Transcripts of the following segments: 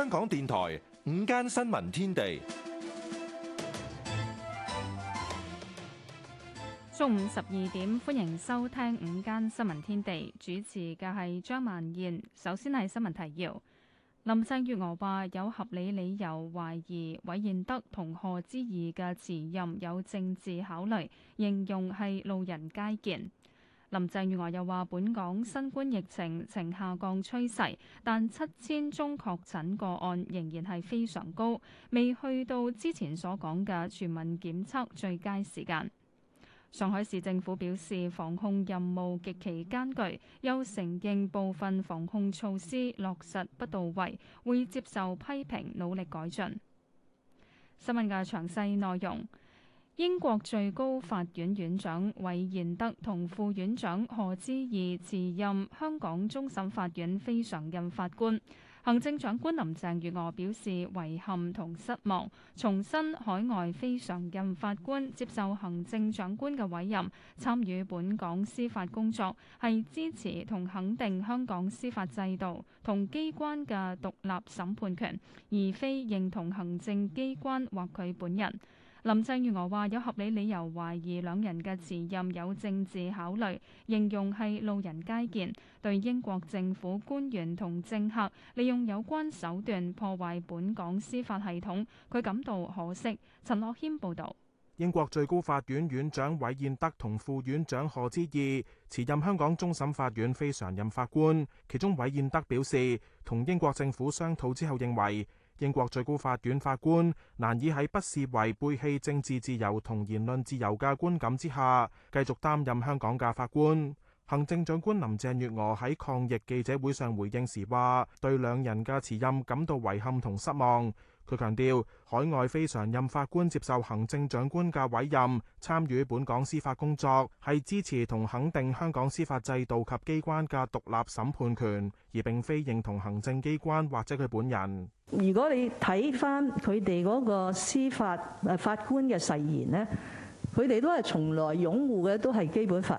香港電台午間新聞天地，中午十二點，歡迎收聽午間新聞天地。主持嘅係張萬燕。首先係新聞提要，林鄭月娥話有合理理由懷疑韋彥德同賀知義嘅辭任有政治考慮，形容係路人皆見。林鄭月娥又話：本港新冠疫情呈下降趨勢，但七千宗確診個案仍然係非常高，未去到之前所講嘅全民檢測最佳時間。上海市政府表示，防控任務極其艱巨，又承認部分防控措施落實不到位，會接受批評，努力改進。新聞嘅詳細內容。英國最高法院院長韋彥德同副院長賀知義辭任香港終審法院非常任法官。行政長官林鄭月娥表示遺憾同失望，重申海外非常任法官接受行政長官嘅委任，參與本港司法工作，係支持同肯定香港司法制度同機關嘅獨立審判權，而非認同行政機關或佢本人。林鄭月娥話：有合理理由懷疑兩人嘅辭任有政治考慮，形容係路人皆見，對英國政府官員同政客利用有關手段破壞本港司法系統，佢感到可惜。陳樂謙報導，英國最高法院院長韋燕德同副院長何之義辭任香港終審法院非常任法官，其中韋燕德表示，同英國政府商討之後認為，英國最高法院法官難以喺不視為背棄政治自由同言論自由嘅觀感之下，繼續擔任香港嘅法官。行政長官林鄭月娥喺抗疫記者會上回應時話：對兩人嘅辭任感到遺憾同失望。佢強調，海外非常任法官接受行政長官嘅委任，參與本港司法工作，係支持同肯定香港司法制度及機關嘅獨立審判權，而並非認同行政機關或者佢本人。如果你睇翻佢哋嗰個司法誒法官嘅誓言呢，佢哋都係從來擁護嘅都係基本法，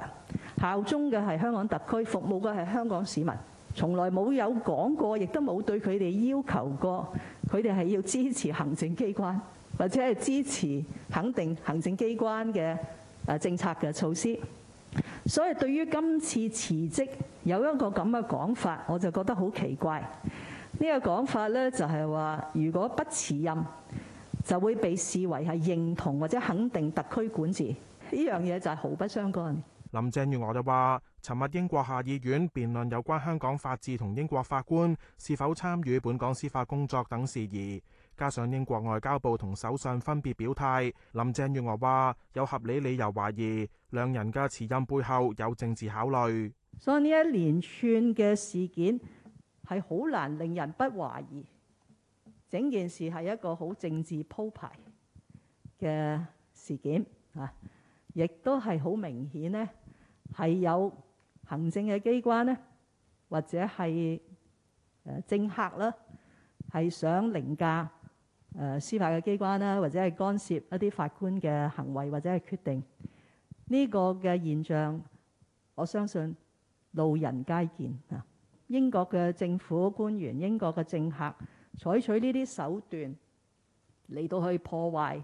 效忠嘅係香港特區，服務嘅係香港市民。從來冇有講過，亦都冇對佢哋要求過，佢哋係要支持行政機關，或者係支持肯定行政機關嘅誒政策嘅措施。所以對於今次辭職有一個咁嘅講法，我就覺得好奇怪。呢個講法呢，就係話，如果不辭任，就會被視為係認同或者肯定特區管治。呢樣嘢就係毫不相關。林鄭月娥就話，尋日英國下議院辯論有關香港法治同英國法官是否參與本港司法工作等事宜，加上英國外交部同首相分別表態，林鄭月娥話有合理理由懷疑兩人嘅辭任背後有政治考慮。所以呢一連串嘅事件係好難令人不懷疑，整件事係一個好政治鋪排嘅事件啊，亦都係好明顯呢。係有行政嘅機關呢，或者係政客啦，係想凌駕司法嘅機關啦，或者係干涉一啲法官嘅行為或者係決定呢個嘅現象。我相信路人皆見啊！英國嘅政府官員、英國嘅政客採取呢啲手段嚟到去破壞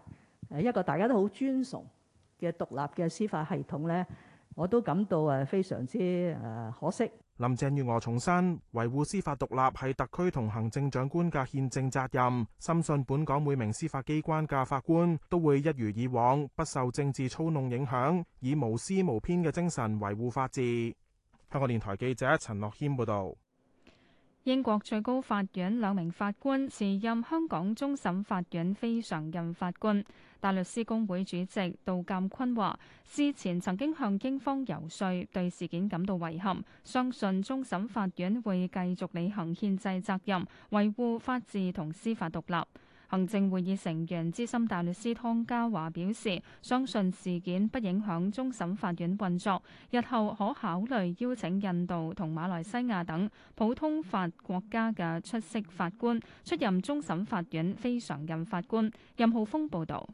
一個大家都好尊崇嘅獨立嘅司法系統呢。我都感到誒非常之誒可惜。林鄭月娥重申，維護司法獨立係特區同行政長官嘅憲政責任。深信本港每名司法機關嘅法官都會一如以往，不受政治操弄影響，以無私無偏嘅精神維護法治。香港電台記者陳樂謙報道。英國最高法院兩名法官辭任香港終審法院非常任法官。大律師公會主席杜鑑坤話：事前曾經向英方遊說，對事件感到遺憾，相信終審法院會繼續履行憲制責任，維護法治同司法獨立。行政會議成員資深大律師湯家驊表示，相信事件不影響終審法院運作，日後可考慮邀請印度同馬來西亞等普通法國家嘅出色法官出任終審法院非常任法官。任浩峰報導。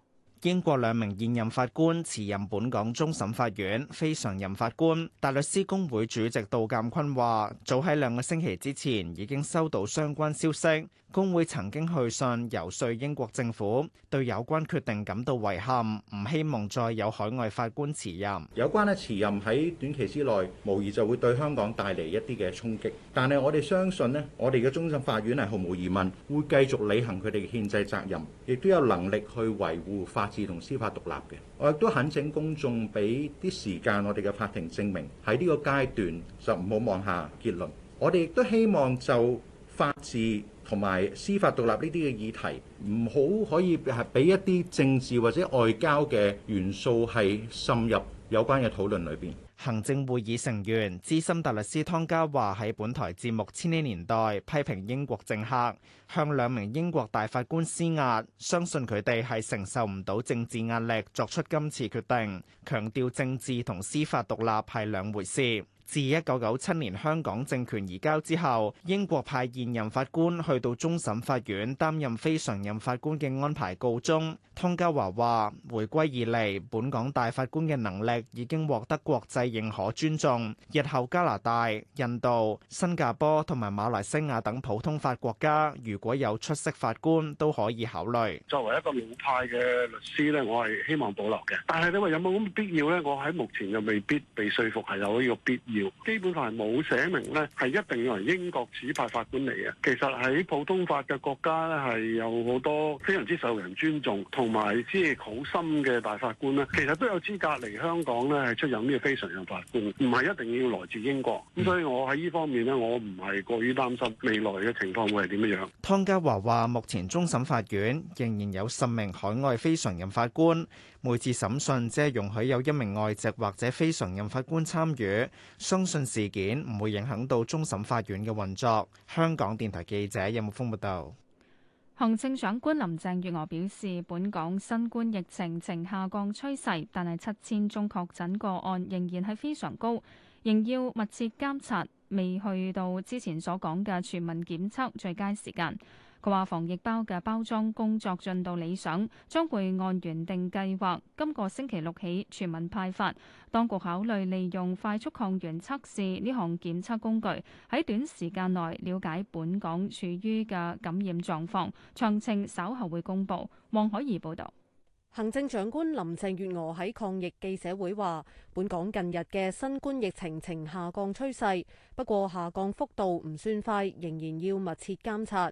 英國兩名現任法官辭任本港終審法院非常任法官，大律師公會主席杜淦堃話：早喺兩個星期之前已經收到相關消息，公會曾經去信遊說英國政府，對有關決定感到遺憾，唔希望再有海外法官辭任。有關嘅辭任喺短期之內，無疑就會對香港帶嚟一啲嘅衝擊。但係我哋相信呢，我哋嘅終審法院係毫無疑問會繼續履行佢哋嘅憲制責任，亦都有能力去維護法治同司法獨立嘅，我亦都懇請公眾俾啲時間我哋嘅法庭證明，喺呢個階段就唔好妄下結論。我哋亦都希望就法治同埋司法獨立呢啲嘅議題，唔好可以係俾一啲政治或者外交嘅元素係滲入有關嘅討論裏邊。行政會議成員資深大律師湯家驊喺本台節目《千禧年代》批評英國政客向兩名英國大法官施壓，相信佢哋係承受唔到政治壓力作出今次決定，強調政治同司法獨立係兩回事。自一九九七年香港政權移交之後，英國派現任法官去到終審法院擔任非常任法官嘅安排告終。湯家華話回歸以嚟，本港大法官嘅能力已經獲得國際認可尊重。日後加拿大、印度、新加坡同埋馬來西亞等普通法國家，如果有出色法官，都可以考慮。作為一個老派嘅律師咧，我係希望保留嘅。但係你話有冇咁必要咧？我喺目前又未必被說服係有呢個必。基本上係冇寫明呢，係一定要係英國指派法官嚟嘅。其實喺普通法嘅國家呢，係有好多非常之受人尊重同埋即係好深嘅大法官呢，其實都有資格嚟香港呢，係出任呢個非常任法官，唔係一定要來自英國。咁、嗯、所以我喺呢方面呢，我唔係過於擔心未來嘅情況會係點樣樣。湯家驊話：目前終審法院仍然有十名海外非常任法官。每次審訊只係容許有一名外籍或者非常任法官參與，相信事件唔會影響到終審法院嘅運作。香港電台記者任木峯報道。行政長官林鄭月娥表示，本港新冠疫情呈下降趨勢，但係七千宗確診個案仍然係非常高，仍要密切監察，未去到之前所講嘅全民檢測最佳時間。佢話：防疫包嘅包裝工作進度理想，將會按原定計劃今個星期六起全民派發。當局考慮利用快速抗原測試呢項檢測工具，喺短時間內了解本港處於嘅感染狀況。詳情稍後會公布。黃海怡報導。行政長官林鄭月娥喺抗疫記者會話：本港近日嘅新冠疫情呈下降趨勢，不過下降幅度唔算快，仍然要密切監察。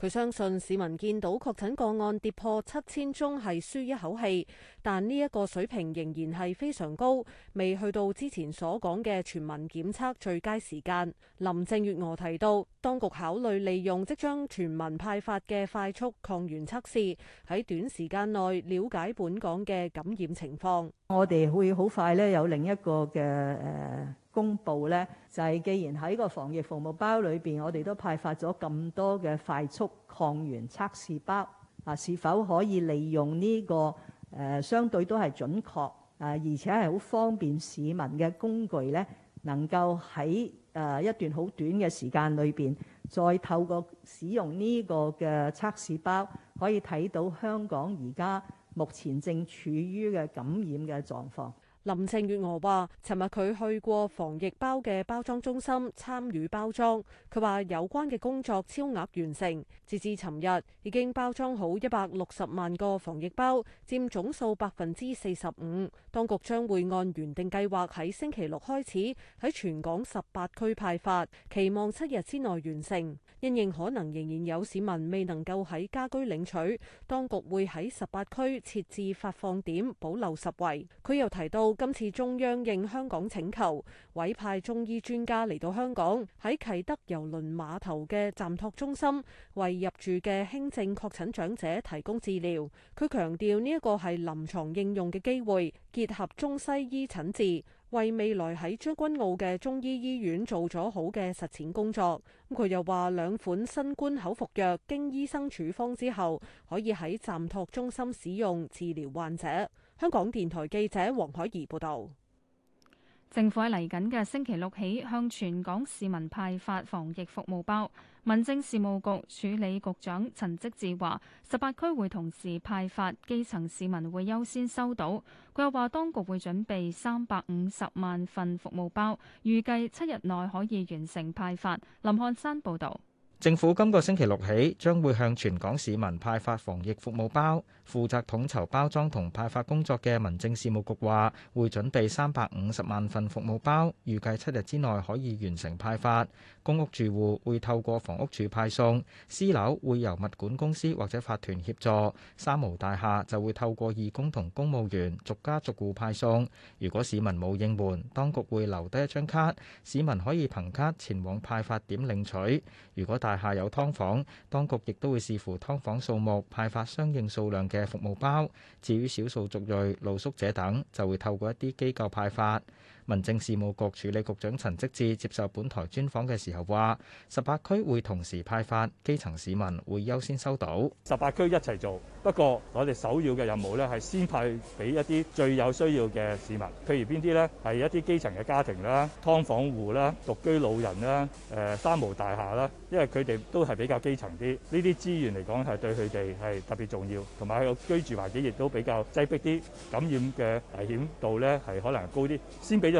佢相信市民見到確診個案跌破七千宗係舒一口氣，但呢一個水平仍然係非常高，未去到之前所講嘅全民檢測最佳時間。林鄭月娥提到，當局考慮利用即將全民派發嘅快速抗原測試，喺短時間內了解本港嘅感染情況。我哋會好快呢有另一個嘅誒、公布咧，就係、是、既然喺個防疫服務包裏邊，我哋都派發咗咁多嘅快速抗原測試包，啊，是否可以利用呢、這個誒、呃、相對都係準確誒、呃，而且係好方便市民嘅工具咧，能夠喺誒、呃、一段好短嘅時間裏邊，再透過使用呢個嘅測試包，可以睇到香港而家目前正處於嘅感染嘅狀況。林鄭月娥話，尋日佢去過防疫包嘅包裝中心參與包裝。佢話有關嘅工作超額完成，截至尋日已經包裝好一百六十萬個防疫包，佔總數百分之四十五。當局將會按原定計劃喺星期六開始喺全港十八區派發，期望七日之內完成。因應可能仍然有市民未能夠喺家居領取，當局會喺十八區設置發放點，保留十圍，佢又提到。今次中央應香港請求，委派中醫專家嚟到香港喺啟德郵輪碼頭嘅暫託中心，為入住嘅輕症確診長者提供治療。佢強調呢一個係臨牀應用嘅機會，結合中西醫診治，為未來喺將軍澳嘅中醫醫院做咗好嘅實踐工作。佢又話兩款新冠口服藥經醫生處方之後，可以喺暫託中心使用治療患者。香港電台記者黃海怡報道，政府喺嚟緊嘅星期六起向全港市民派發防疫服務包。民政事務局處理局長陳積志話，十八區會同時派發，基層市民會優先收到。佢又話，當局會準備三百五十萬份服務包，預計七日內可以完成派發。林漢山報道。政府今個星期六起將會向全港市民派發防疫服務包。負責統籌包裝同派發工作嘅民政事務局話，會準備三百五十萬份服務包，預計七日之內可以完成派發。公屋住戶會透過房屋署派送，私樓會由物管公司或者法團協助。三無大廈就會透過義工同公務員逐家逐戶派送。如果市民冇應門，當局會留低一張卡，市民可以憑卡前往派發點領取。如果大大廈有劏房，當局亦都會視乎劏房數目，派發相應數量嘅服務包。至於少數族裔、露宿者等，就會透過一啲機構派發。民政事務局處理局長陳積志接受本台專訪嘅時候話：十八區會同時派發，基層市民會優先收到。十八區一齊做，不過我哋首要嘅任務咧係先派俾一啲最有需要嘅市民，譬如邊啲呢？係一啲基層嘅家庭啦、劏房戶啦、獨居老人啦、誒、呃、三無大廈啦，因為佢哋都係比較基層啲，呢啲資源嚟講係對佢哋係特別重要，同埋佢個居住環境亦都比較擠迫啲，感染嘅危險度呢係可能高啲，先俾咗。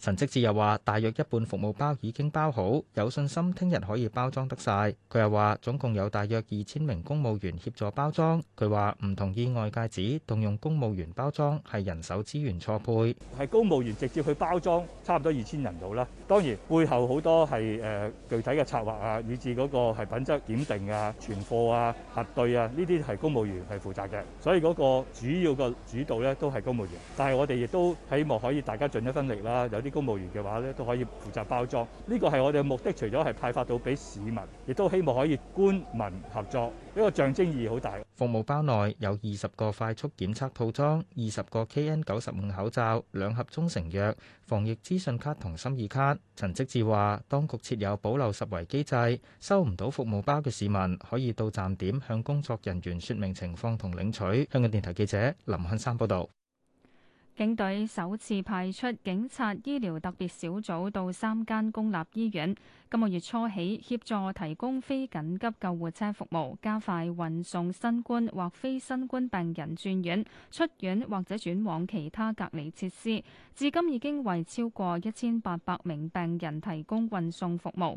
陳積志又話，大約一半服務包已經包好，有信心聽日可以包裝得晒。佢又話，總共有大約二千名公務員協助包裝。佢話唔同意外界指動用公務員包裝係人手資源錯配，係公務員直接去包裝，差唔多二千人度啦。當然背後好多係誒、呃、具體嘅策劃啊，以至嗰個係品質檢定啊、存貨啊、核對啊呢啲係公務員係負責嘅，所以嗰個主要嘅主導咧都係公務員。但係我哋亦都希望可以大家盡一分力啦，有啲。啲公務員嘅話咧，都可以負責包裝。呢個係我哋嘅目的，除咗係派發到俾市民，亦都希望可以官民合作。呢個象徵意義好大。服務包內有二十個快速檢測套裝、二十個 KN 九十五口罩、兩盒中成藥、防疫資訊卡同心意卡。陳積志話：當局設有保留十圍機制，收唔到服務包嘅市民，可以到站點向工作人員説明情況同領取。香港電台記者林慶山報道。警隊首次派出警察醫療特別小組到三間公立醫院。今個月初起協助提供非緊急救護車服務，加快運送新冠或非新冠病人轉院、出院或者轉往其他隔離設施。至今已經為超過一千八百名病人提供運送服務。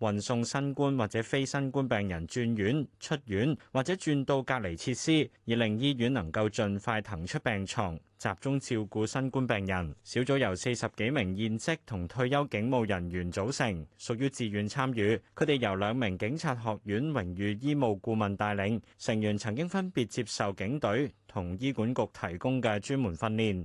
運送新冠或者非新冠病人轉院、出院或者轉到隔離設施，以令醫院能夠盡快騰出病床，集中照顧新冠病人。小組由四十幾名現職同退休警務人員組成，屬於自願參與。佢哋由兩名警察學院榮譽醫務顧問帶領，成員曾經分別接受警隊同醫管局提供嘅專門訓練。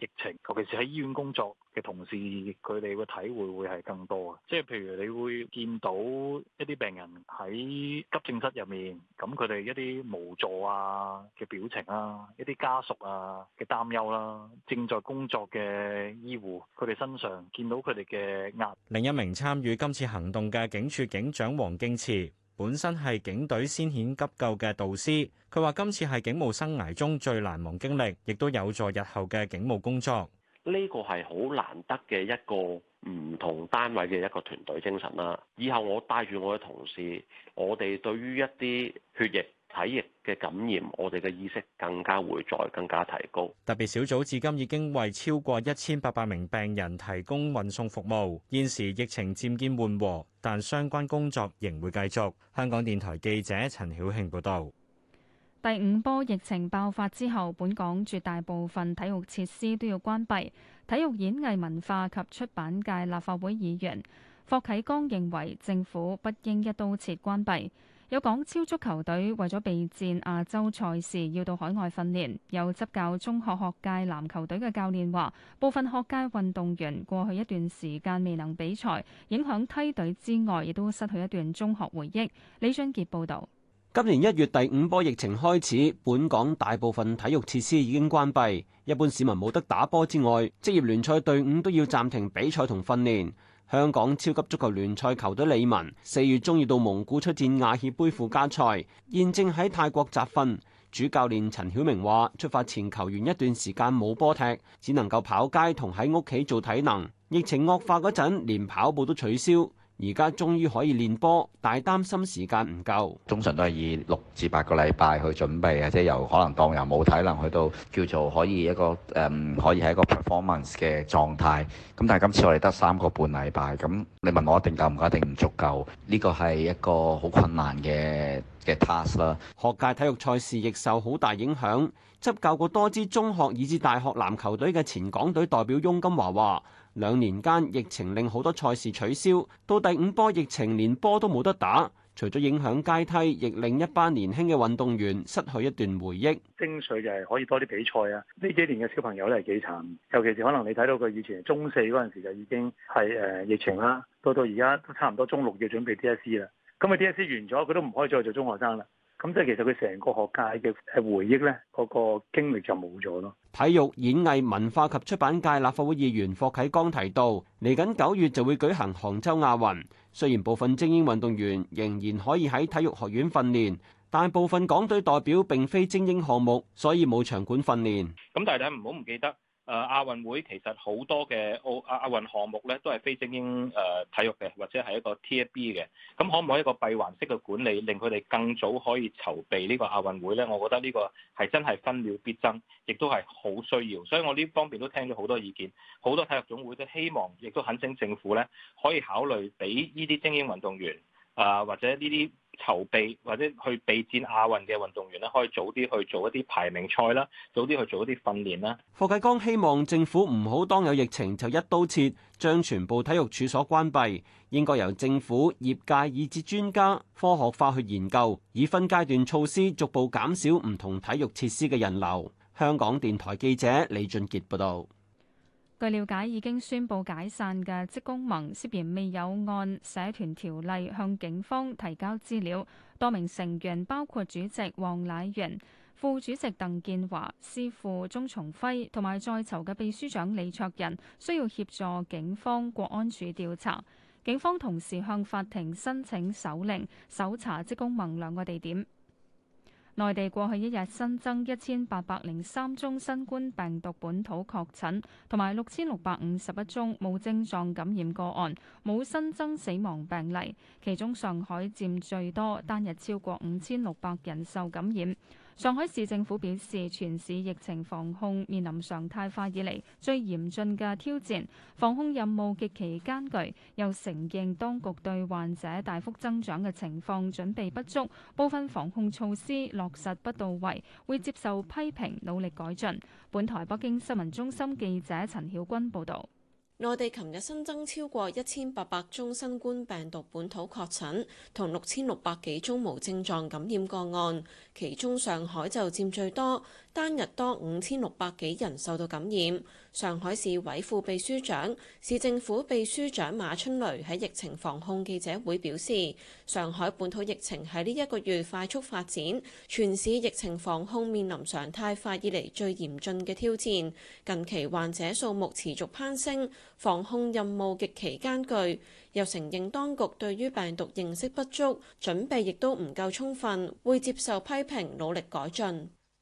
疫情，尤其是喺醫院工作嘅同事，佢哋嘅體會會係更多啊！即係譬如你會見到一啲病人喺急症室入面，咁佢哋一啲無助啊嘅表情啊，一啲家屬啊嘅擔憂啦，正在工作嘅醫護，佢哋身上見到佢哋嘅壓。另一名參與今次行動嘅警署警長黃敬慈。本身係警隊先遣急救嘅導師，佢話今次係警務生涯中最難忘經歷，亦都有助日後嘅警務工作。呢個係好難得嘅一個唔同單位嘅一個團隊精神啦。以後我帶住我嘅同事，我哋對於一啲血液、體液嘅感染，我哋嘅意識更加會再更加提高。特別小組至今已經為超過一千八百名病人提供運送服務。現時疫情漸漸緩和，但相關工作仍會繼續。香港電台記者陳曉慶報導。第五波疫情爆發之後，本港絕大部分體育設施都要關閉。體育演藝文化及出版界立法會議員霍啟剛認為，政府不應一刀切關閉。有港超足球隊為咗備戰亞洲賽事要到海外訓練，有執教中學學界籃球隊嘅教練話，部分學界運動員過去一段時間未能比賽，影響梯隊之外，亦都失去一段中學回憶。李俊杰報道：今年一月第五波疫情開始，本港大部分體育設施已經關閉，一般市民冇得打波之外，職業聯賽隊伍都要暫停比賽同訓練。香港超級足球聯賽球隊理文四月中要到蒙古出戰亞協盃附加賽，現正喺泰國集訓。主教練陳曉明話，出發前球員一段時間冇波踢，只能夠跑街同喺屋企做體能。疫情惡化嗰陣，連跑步都取消。而家終於可以練波，但係擔心時間唔夠。通常都係以六至八個禮拜去準備嘅，即係由可能當日冇體能去到叫做可以一個誒、嗯，可以係一個 performance 嘅狀態。咁但係今次我哋得三個半禮拜，咁你問我一定夠唔夠？一定唔足夠。呢個係一個好困難嘅嘅 task 啦。學界體育賽事亦受好大影響。執教過多支中學以至大學籃球隊嘅前港隊代表翁金華話。兩年間，疫情令好多賽事取消，到第五波疫情，連波都冇得打。除咗影響階梯，亦令一班年輕嘅運動員失去一段回憶。精髓就係可以多啲比賽啊！呢幾年嘅小朋友咧，係幾慘，尤其是可能你睇到佢以前中四嗰陣時就已經係誒疫情啦，到到而家都差唔多中六要準備 DSE 啦。咁佢 DSE 完咗，佢都唔可以再做中學生啦。咁即係其實佢成個學界嘅誒回憶咧，嗰個經歷就冇咗咯。體育、演藝、文化及出版界立法會議員霍啟剛提到，嚟緊九月就會舉行杭州亞運。雖然部分精英運動員仍然可以喺體育學院訓練，但部分港隊代表並非精英項目，所以冇場館訓練。咁大家唔好唔記得。誒亞運會其實好多嘅奧亞亞運項目呢，都係非精英誒體育嘅，或者係一個 TAFB 嘅。咁可唔可以一個閉環式嘅管理，令佢哋更早可以籌備呢個亞運會呢？我覺得呢個係真係分秒必爭，亦都係好需要。所以我呢方面都聽咗好多意見，好多體育總會都希望，亦都懇請政府呢，可以考慮俾呢啲精英運動員啊，或者呢啲。籌備或者去備戰亞運嘅運動員咧，可以早啲去做一啲排名賽啦，早啲去做一啲訓練啦。霍啟剛希望政府唔好當有疫情就一刀切，將全部體育處所關閉，應該由政府、業界以至專家科學化去研究，以分階段措施逐步減少唔同體育設施嘅人流。香港電台記者李俊傑報道。據了解，已經宣佈解散嘅職工盟涉嫌未有按社團條例向警方提交資料，多名成員包括主席黃乃源、副主席鄧建華、師傅鍾崇輝同埋在囚嘅秘書長李卓人，需要協助警方國安處調查。警方同時向法庭申請搜令，搜查職工盟兩個地點。內地過去一日新增一千八百零三宗新冠病毒本土確診，同埋六千六百五十一宗冇症狀感染個案，冇新增死亡病例。其中上海佔最多，單日超過五千六百人受感染。上海市政府表示，全市疫情防控面臨常態化以嚟最嚴峻嘅挑戰，防控任務極其艱鉅，又承認當局對患者大幅增長嘅情況準備不足，部分防控措施落實不到位，會接受批評，努力改進。本台北京新聞中心記者陳曉君報道。內地琴日新增超過一千八百宗新冠病毒本土確診，同六千六百幾宗無症狀感染個案，其中上海就佔最多，單日多五千六百幾人受到感染。上海市委副秘書長、市政府秘書長馬春雷喺疫情防控記者會表示，上海本土疫情喺呢一個月快速發展，全市疫情防控面臨常態化以嚟最嚴峻嘅挑戰，近期患者數目持續攀升，防控任務極其艱巨，又承認當局對於病毒認識不足，準備亦都唔夠充分，會接受批評，努力改進。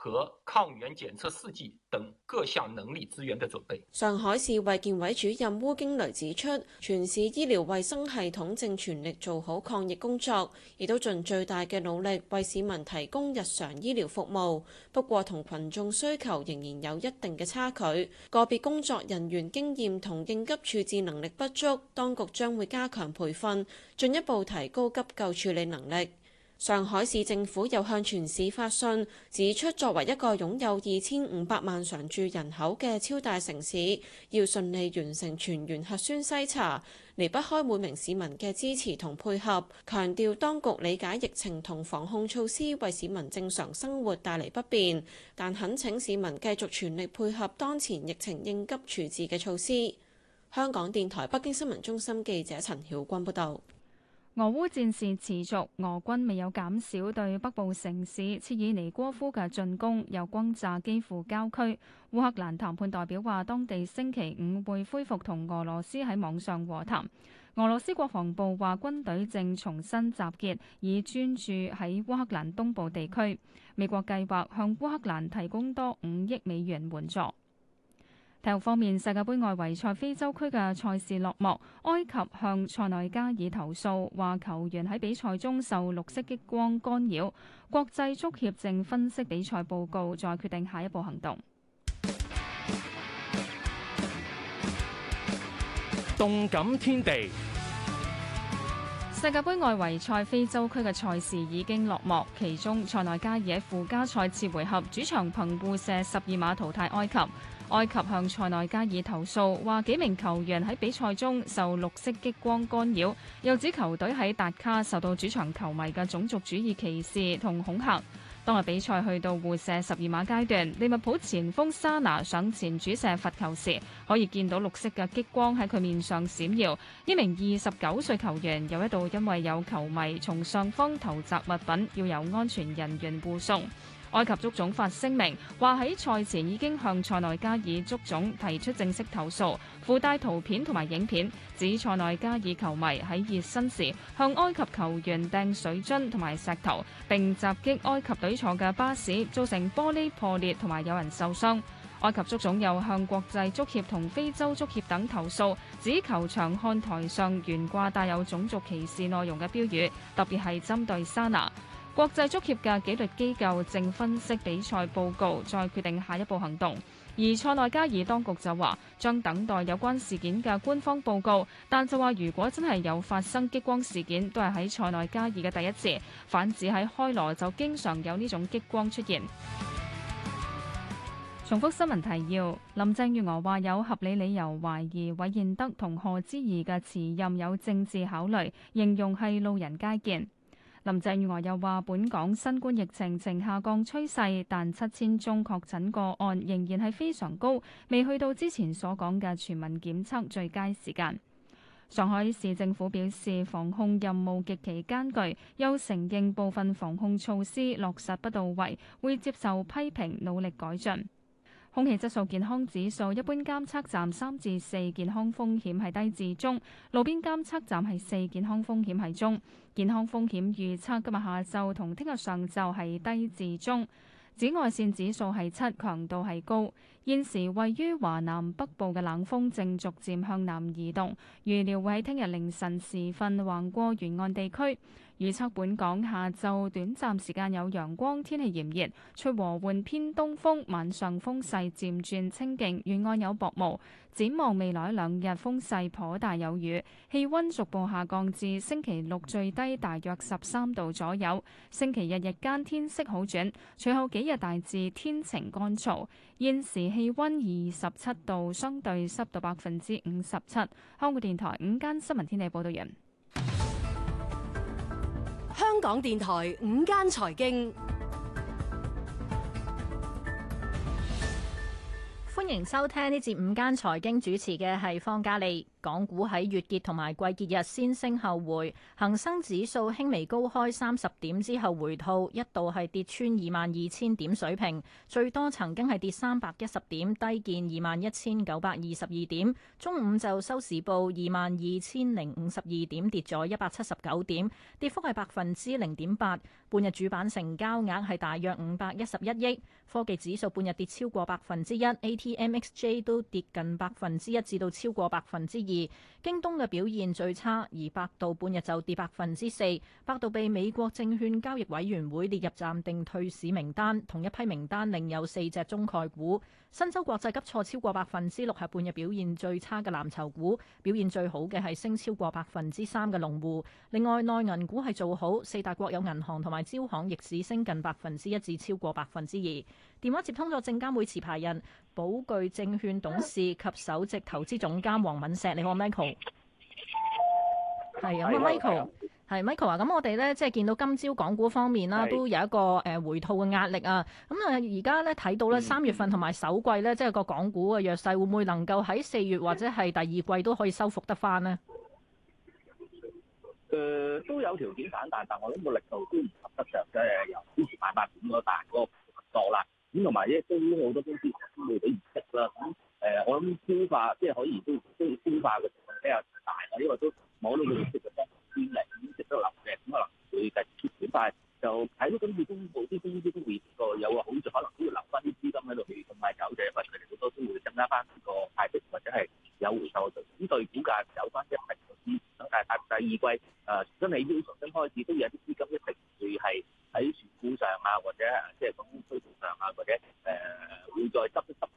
和抗原檢測試劑等各項能力資源嘅準備。上海市衛健委主任鄔驚雷指出，全市醫療衛生系統正全力做好抗疫工作，亦都盡最大嘅努力為市民提供日常醫療服務。不過，同群眾需求仍然有一定嘅差距。個別工作人員經驗同應急處置能力不足，當局將會加強培訓，進一步提高急救處理能力。上海市政府又向全市發信，指出作為一個擁有二千五百萬常住人口嘅超大城市，要順利完成全員核酸篩查，離不開每名市民嘅支持同配合。強調當局理解疫情同防控措施為市民正常生活帶嚟不便，但懇請市民繼續全力配合當前疫情應急處置嘅措施。香港電台北京新聞中心記者陳曉君報道。俄烏戰事持續，俄軍未有減少對北部城市切爾尼戈夫嘅進攻，又轟炸幾乎郊區。烏克蘭談判代表話，當地星期五會恢復同俄羅斯喺網上和談。俄羅斯國防部話，軍隊正重新集結，以專注喺烏克蘭東部地區。美國計劃向烏克蘭提供多五億美元援助。另一方面，世界杯外圍賽非洲區嘅賽事落幕，埃及向塞內加爾投訴，話球員喺比賽中受綠色激光干擾，國際足協正分析比賽報告，再決定下一步行動。動感天地，世界杯外圍賽非洲區嘅賽事已經落幕，其中塞內加爾喺附加賽次回合主場憑互射十二碼淘汰埃及。埃及向塞內加爾投訴，話幾名球員喺比賽中受綠色激光干擾，又指球隊喺達卡受到主場球迷嘅種族主義歧視同恐嚇。當日比賽去到互射十二碼階段，利物浦前鋒沙拿上前主射罰球時，可以見到綠色嘅激光喺佢面上閃耀。呢名二十九歲球員又一度因為有球迷從上方投擲物品，要由安全人員護送。埃及足總發聲明話：喺賽前已經向塞內加爾足總提出正式投訴，附帶圖片同埋影片，指塞內加爾球迷喺熱身時向埃及球員掟水樽同埋石頭，並襲擊埃及隊坐嘅巴士，造成玻璃破裂同埋有人受傷。埃及足總又向國際足協同非洲足協等投訴，指球場看台上懸掛帶有種族歧視內容嘅標語，特別係針對沙拿。國際足協嘅紀律機構正分析比賽報告，再決定下一步行動。而塞內加爾當局就話將等待有關事件嘅官方報告，但就話如果真係有發生激光事件，都係喺塞內加爾嘅第一次。反指喺開羅就經常有呢種激光出現。重複新聞提要：林鄭月娥話有合理理由懷疑韋彥德同賀知義嘅辭任有政治考慮，形容係路人皆見。林鄭月娥又話：本港新冠疫情呈下降趨勢，但七千宗確診個案仍然係非常高，未去到之前所講嘅全民檢測最佳時間。上海市政府表示，防控任務極其艱巨，又承認部分防控措施落實不到位，會接受批評，努力改進。空氣質素健康指數一般監測站三至四，健康風險係低至中，路邊監測站係四，健康風險係中。健康風險預測今日下晝同聽日上晝係低至中。紫外線指數係七，強度係高。現時位於華南北部嘅冷鋒正逐漸向南移動，預料會喺聽日凌晨時分橫過沿岸地區。預測本港下晝短暫時間有陽光，天氣炎熱，吹和緩偏東風，晚上風勢漸轉清勁，沿岸有薄霧。展望未來兩日風勢頗大有雨，氣溫逐步下降至星期六最低大約十三度左右。星期日日間天色好轉，隨後幾日大致天晴乾燥。現時氣溫二十七度，相對濕度百分之五十七。香港電台午間新聞天地報道完。香港電台午間財經，歡迎收聽呢節午間財經主持嘅係方嘉利。港股喺月結同埋季結日先升後回，恒生指數輕微高開三十點之後回吐，一度係跌穿二萬二千點水平，最多曾經係跌三百一十點，低見二萬一千九百二十二點。中午就收市報二萬二千零五十二點，跌咗一百七十九點，跌幅係百分之零點八。半日主板成交額係大約五百一十一億，科技指數半日跌超過百分之一，A T M X J 都跌近百分之一至到超過百分之。而京東嘅表現最差，而百度半日就跌百分之四，百度被美國證券交易委員會列入暫定退市名單，同一批名單另有四隻中概股。申洲國際急挫超過百分之六，係半日表現最差嘅藍籌股；表現最好嘅係升超過百分之三嘅農戶。另外，內銀股係造好，四大國有銀行同埋招行亦只升近百分之一至超過百分之二。電話接通咗證監會持牌人寶鉅證券董事及首席投資總監黃敏石。你好，Michael。係、嗯，阿、嗯、Michael。係 Michael 啊，咁我哋咧即係見到今朝港股方面啦、啊，是都有一個誒回吐嘅壓力啊。咁啊，而家咧睇到咧三月份同埋首季咧，嗯、即係個港股嘅弱勢，會唔會能夠喺四月或者係第二季都可以收復得翻呢？誒、嗯、都有條件反彈，但我諗個力度都唔合得上嘅，就是、由之前買法變咗，但係個幅度啦，咁同埋咧都好多公司未俾利息啦。咁誒、呃，我諗消化即係可以都消化嘅成分比較大，因為都冇到個利息零都值得留嘅，咁可能會繼續結轉，但係就睇到今次公佈啲公司都會個有個好，可能都要留翻啲資金喺度去同埋搞嘅，或者佢哋好多都會增加翻個派息或者係有回售。呢對股價走翻一成個市，等大派第二季，誒真係要重新開始，都有啲資金一定會係喺船股上啊，或者即係講推盤上啊，或者誒會再執一執。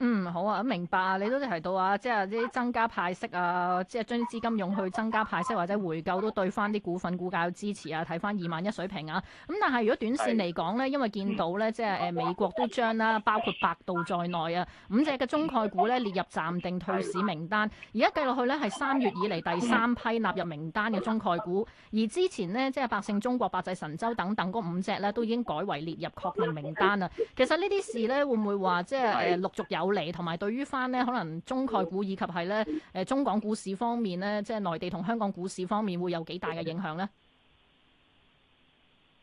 嗯，好啊，咁明白啊。你都提到啊，即係啲增加派息啊，即係將啲資金用去增加派息或者回購都對翻啲股份股價有支持啊。睇翻二萬一水平啊。咁但係如果短線嚟講咧，因為見到咧，即係誒美國都將啦，包括百度在內啊，五隻嘅中概股咧，列入暫定退市名單，而家計落去咧係三月以嚟第三批納入名單嘅中概股，而之前咧即係百勝中國、百濟神州等等嗰五隻咧都已經改為列入確認名單啦。其實呢啲事咧會唔會話即係誒陸續有？嚟同埋，對於翻呢，可能中概股以及係咧，誒中港股市方面咧，即係內地同香港股市方面，會有幾大嘅影響咧？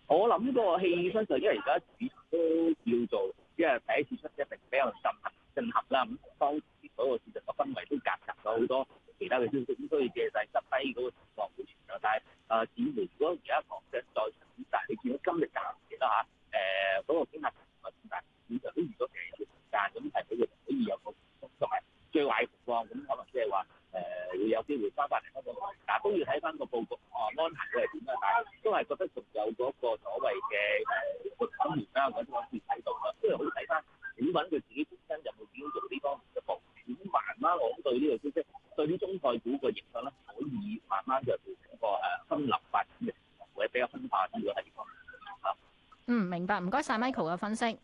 我諗個氣氛就因為而家市場都叫做，因為第一次出，一定比較震撼震撼啦。咁當嗰個市場嘅氛圍都夾雜咗好多其他嘅消息，所以借勢執低嗰個情況會存在。但係啊，市、呃、如果而家房想再上，但係你見到今日暫時啦嚇，誒、呃、嗰、那個天壓市上都如果咁係佢可以有個，同埋最壞情況咁可能即係話誒會有機會翻返嚟嗰度，不過都要睇翻個佈局啊，安排佢係點樣。但係都係覺得仲有嗰個所謂嘅復審年啦嗰啲咁嘅睇到啦，都係好睇翻點揾佢自己本身有冇表現呢方面嘅薄弱。咁慢慢我對呢個消息，對啲中概股個影響咧，可以慢慢就變成一個誒滲入發展嘅，或者比較分化啲嘅情況嚇。嗯，明白，唔該曬 Michael 嘅分析。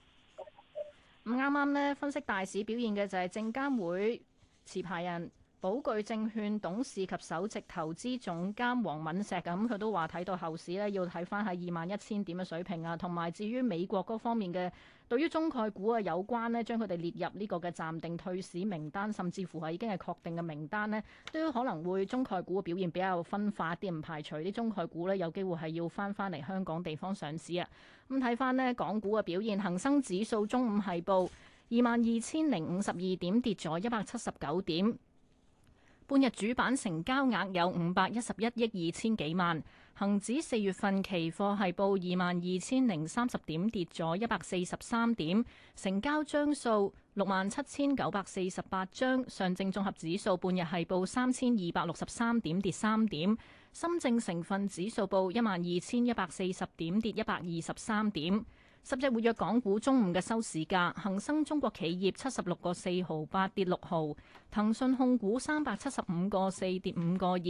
啱啱呢，分析大市表現嘅就係證監會持牌人寶鉅證券董事及首席，及首席投資總監黃敏石啊，咁、嗯、佢都話睇到後市呢，要睇翻喺二萬一千點嘅水平啊，同埋至於美國嗰方面嘅。對於中概股啊有關咧，將佢哋列入呢個嘅暫定退市名單，甚至乎係已經係確定嘅名單呢，都可能會中概股嘅表現比較分化啲，唔排除啲中概股咧有機會係要翻翻嚟香港地方上市啊。咁睇翻呢，港股嘅表現，恒生指數中午係報二萬二千零五十二點，跌咗一百七十九點。半日主板成交額有五百一十一億二千幾萬，恒指四月份期貨係報二萬二千零三十點，跌咗一百四十三點，成交張數六萬七千九百四十八張，上證綜合指數半日係報三千二百六十三點，跌三點，深證成分指數報一萬二千一百四十點，跌一百二十三點。十隻活躍港股中午嘅收市價，恒生中國企業七十六個四毫八跌六毫，騰訊控股三百七十五個四跌五個二，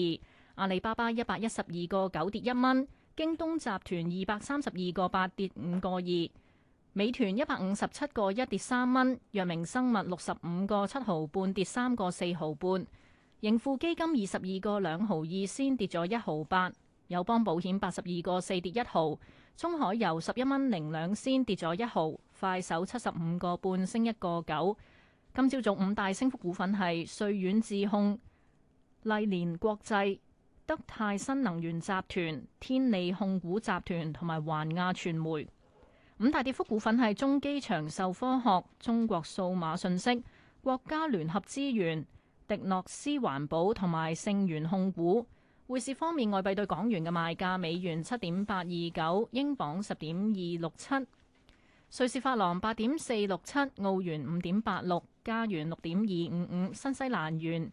阿里巴巴一百一十二個九跌一蚊，京東集團二百三十二個八跌五個二，美團一百五十七個一跌三蚊，藥明生物六十五個七毫半跌三個四毫半，盈富基金二十二個兩毫二先跌咗一毫八，友邦保險八十二個四跌一毫。中海油十一蚊零兩仙跌咗一毫，快手七十五個半升一個九。今朝早五大升幅股份係瑞遠智控、麗年國際、德泰新能源集團、天利控股集團同埋環亞傳媒。五大跌幅股份係中基長壽科學、中國數碼信息、國家聯合資源、迪諾斯環保同埋盛源控股。匯市方面，外幣對港元嘅賣價：美元七點八二九，英鎊十點二六七，瑞士法郎八點四六七，澳元五點八六，加元六點二五五，新西蘭元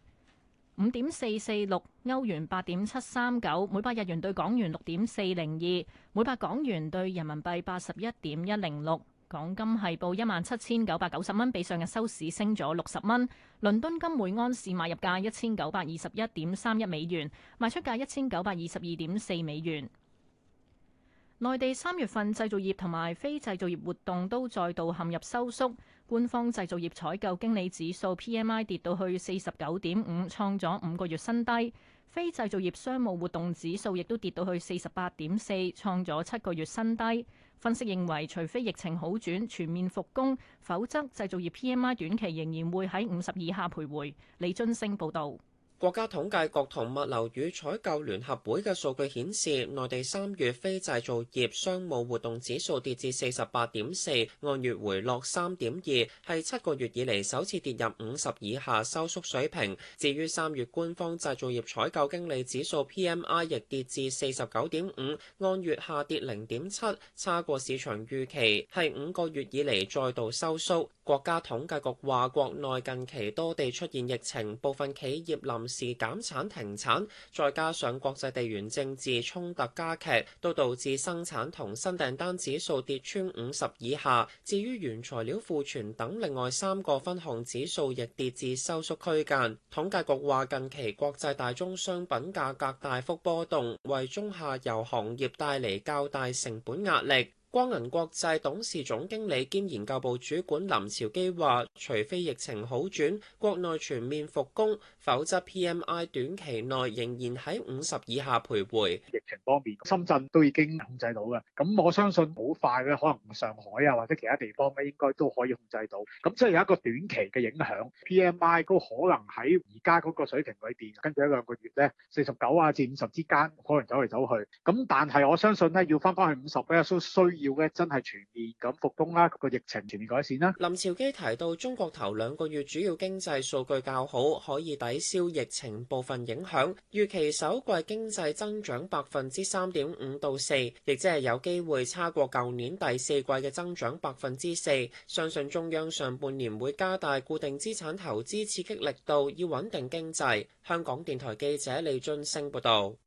五點四四六，歐元八點七三九，每百日元對港元六點四零二，每百港元對人民幣八十一點一零六。港金係報一萬七千九百九十蚊，比上日收市升咗六十蚊。倫敦金每安士買入價一千九百二十一點三一美元，賣出價一千九百二十二點四美元。內地三月份製造業同埋非製造業活動都再度陷入收縮，官方製造業採購經理指數 PMI 跌到去四十九點五，創咗五個月新低。非製造業商務活動指數亦都跌到去四十八點四，創咗七個月新低。分析認為，除非疫情好轉，全面復工，否則製造業 PMI 短期仍然會喺五十以下徘徊。李俊盛報導。國家統計局同物流與採購聯合會嘅數據顯示，內地三月非製造業商務活動指數跌至四十八點四，按月回落三點二，係七個月以嚟首次跌入五十以下收縮水平。至於三月官方製造業採購經理指數 PMI 亦跌至四十九點五，按月下跌零點七，差過市場預期，係五個月以嚟再度收縮。國家統計局話，國內近期多地出現疫情，部分企業臨是減產停產，再加上國際地緣政治衝突加劇，都導致生產同新訂單指數跌穿五十以下。至於原材料庫存等另外三個分項指數亦跌至收縮區間，統計局話近期國際大宗商品價格大幅波動，為中下游行業帶嚟較大成本壓力。光銀國際董事總經理兼研究部主管林朝基話，除非疫情好轉，國內全面復工，否則 P M I 短期內仍然喺五十以下徘徊。疫情方面，深圳都已經控制到嘅，咁我相信好快咧，可能上海啊或者其他地方咧，應該都可以控制到。咁即係有一個短期嘅影響，P M I 都可能喺而家嗰個水平裏面，跟住一兩個月咧，四十九啊至五十之間可能走嚟走去。咁但係我相信咧，要返返去五十咧，都需。要嘅真係全面咁復工啦，個疫情全面改善啦。林朝基提到，中國頭兩個月主要經濟數據較好，可以抵消疫情部分影響，預期首季經濟增長百分之三點五到四，亦即係有機會差過舊年第四季嘅增長百分之四。相信中央上半年會加大固定資產投資刺激力度，以穩定經濟，香港電台記者李俊升報道。